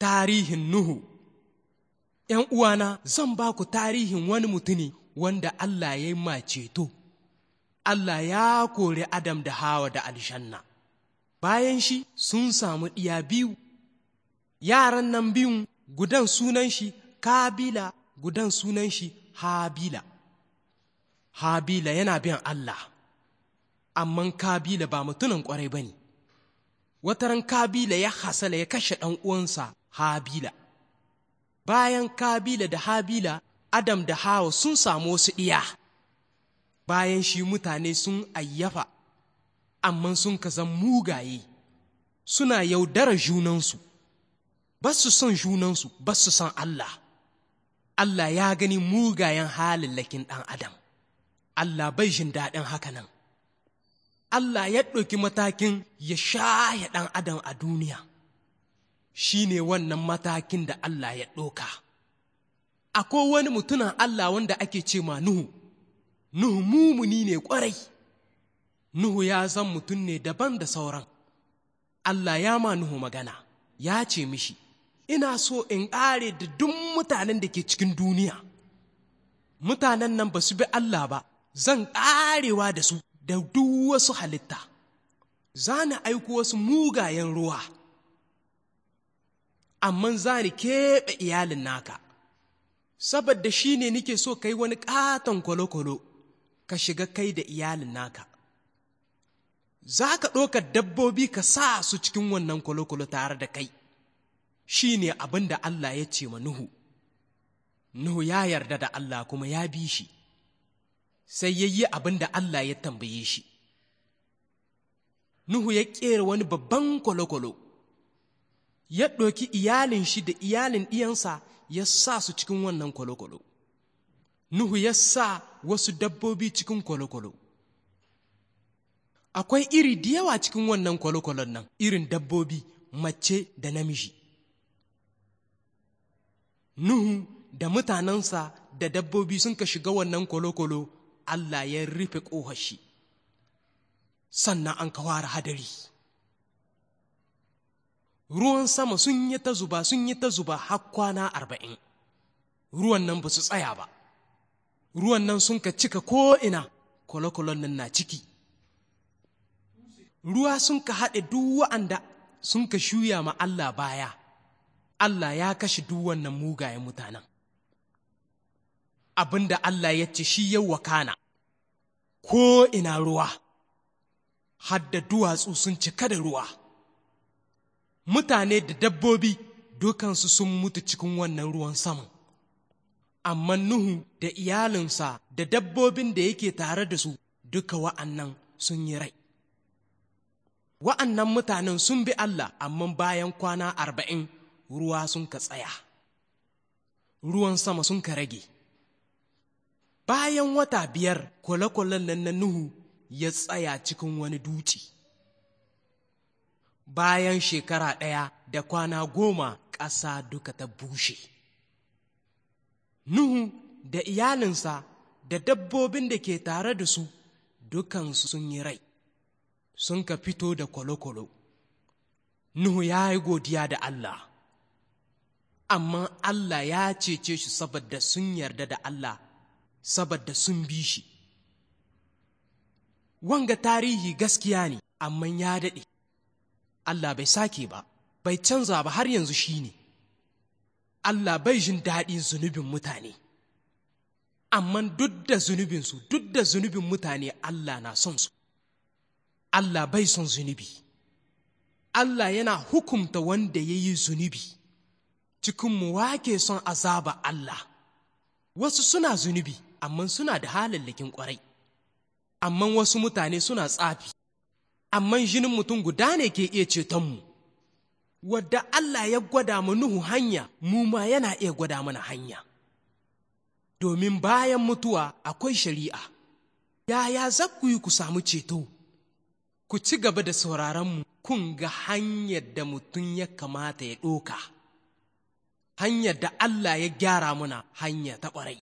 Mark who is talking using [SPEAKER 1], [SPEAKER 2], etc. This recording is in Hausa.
[SPEAKER 1] tarihin Nuhu. ‘Yan uwana, zan ba ku tarihin wani mutumi wanda Allah ya yi maceto, Allah ya kori Adam da Hawa da alshanna Bayan shi sun samu ɗiya biyu, yaran nan biyun gudan sunan shi Kabila, gudan sunan shi Habila. Habila yana biyan Allah, amma Kabila ba mutumin ƙwarai ba ne. Wataran Kabila ya hasala ya kashe ɗan uwansa Habila. Bayan Kabila da Habila, Adam da Hawa sun samu wasu iya bayan shi mutane sun ayyafa, amma sun kazan mugaye, suna yaudara junansu, ba su son junansu, ba su son Allah. Allah ya gani mugayen lakin ɗan Adam, Allah bai jin daɗin nan Allah ya ɗauki matakin ya shaye ɗan Adam a duniya. shi ne wannan matakin da Allah ya ɗoka. Akwai wani mutunan Allah wanda ake ce ma Nuhu, Nuhu mumuni ne ƙwarai, Nuhu ya zan mutum ne daban da sauran. Allah ya ma Nuhu magana, ya ce mishi, Ina so in ƙare da duk mutanen da ke cikin duniya. Mutanen nan ba su bi Allah ba, zan ƙarewa da su da duk wasu halitta. Za ni aiko wasu mugayen ruwa. amma za ni keɓe iyalin naka, saboda shi ne nike so kai wani ƙaton kwalokwalo ka shiga kai da iyalin naka. Za ka ɗaukar dabbobi ka sa su cikin wannan kwalokwalo tare da kai, shi ne abin da Allah ya ce ma Nuhu. Nuhu ya yarda da Allah kuma ya bi shi, sai ya yi abin da Allah ya tambaye shi. Nuhu ya ƙera wani babban kwalokwalo. ya ɗauki iyalin shi da iyalin ɗiyansa ya sa su cikin wannan kwalokwalo nuhu ya sa wasu dabbobi cikin kwalokwalo akwai iri da yawa cikin wannan kwalokwalon nan irin dabbobi mace da namiji nuhu da mutanensa da dabbobi sun ka shiga wannan kwalokwalo allah ya rufe ƙohashi sannan an ka fara hadari ruwan sama sun yi ta zuba sun yi ta zuba har kwana arba'in ruwan nan ba su tsaya ba ruwan nan sun ka cika ko'ina kwalokwalon nan na ciki ruwa sun ka haɗe duk wa'anda sun ka shuya ma Allah baya Allah ya kashe duk wannan mugayen mutanen abinda Allah ya ce shi yau wakana ko'ina ruwa hadda duwatsu sun cika da ruwa mutane da dabbobi dukansu sun mutu cikin wannan ruwan saman amma nuhu da iyalinsa da dabbobin da yake tare da su duka wa'annan sun yi rai wa'annan mutanen sun bi Allah amma bayan kwana arba'in ruwa sun ka tsaya ruwan sama sun ka rage bayan wata biyar kwale-kwalen nan na nuhu ya tsaya cikin wani duci bayan shekara ɗaya da kwana goma ƙasa duka ta bushe. Nuhu da iyalinsa da dabbobin da ke tare da su dukansu sun yi rai, sun ka fito da kwalokwalo. Nuhu ya yi godiya da Allah, amma Allah ya cece shi saboda sun yarda da Allah, saboda sun bi shi. Wanga tarihi gaskiya ne, amma ya daɗe. Allah bai sake ba bai canza ba har yanzu shi ne Allah bai jin daɗi zunubin mutane amma duk da zunubinsu duk da zunubin mutane Allah na son su Allah bai son zunubi Allah yana hukumta wanda ya yi zunubi cikinmu wake son azaba Allah wasu suna zunubi amma suna da halallakin ƙwarai amma wasu mutane suna tsafi amma jinin mutum guda ne ke iya cetonmu wadda Allah ya gwada mu Nuhu hanya mu ma yana iya gwada mana hanya domin bayan mutuwa akwai shari'a yaya za ku yi ku samu ceto ku ci gaba da sauraronmu kun ga hanyar da mutum ya kamata ya ɗoka hanyar da Allah ya gyara muna hanya ta ƙwarai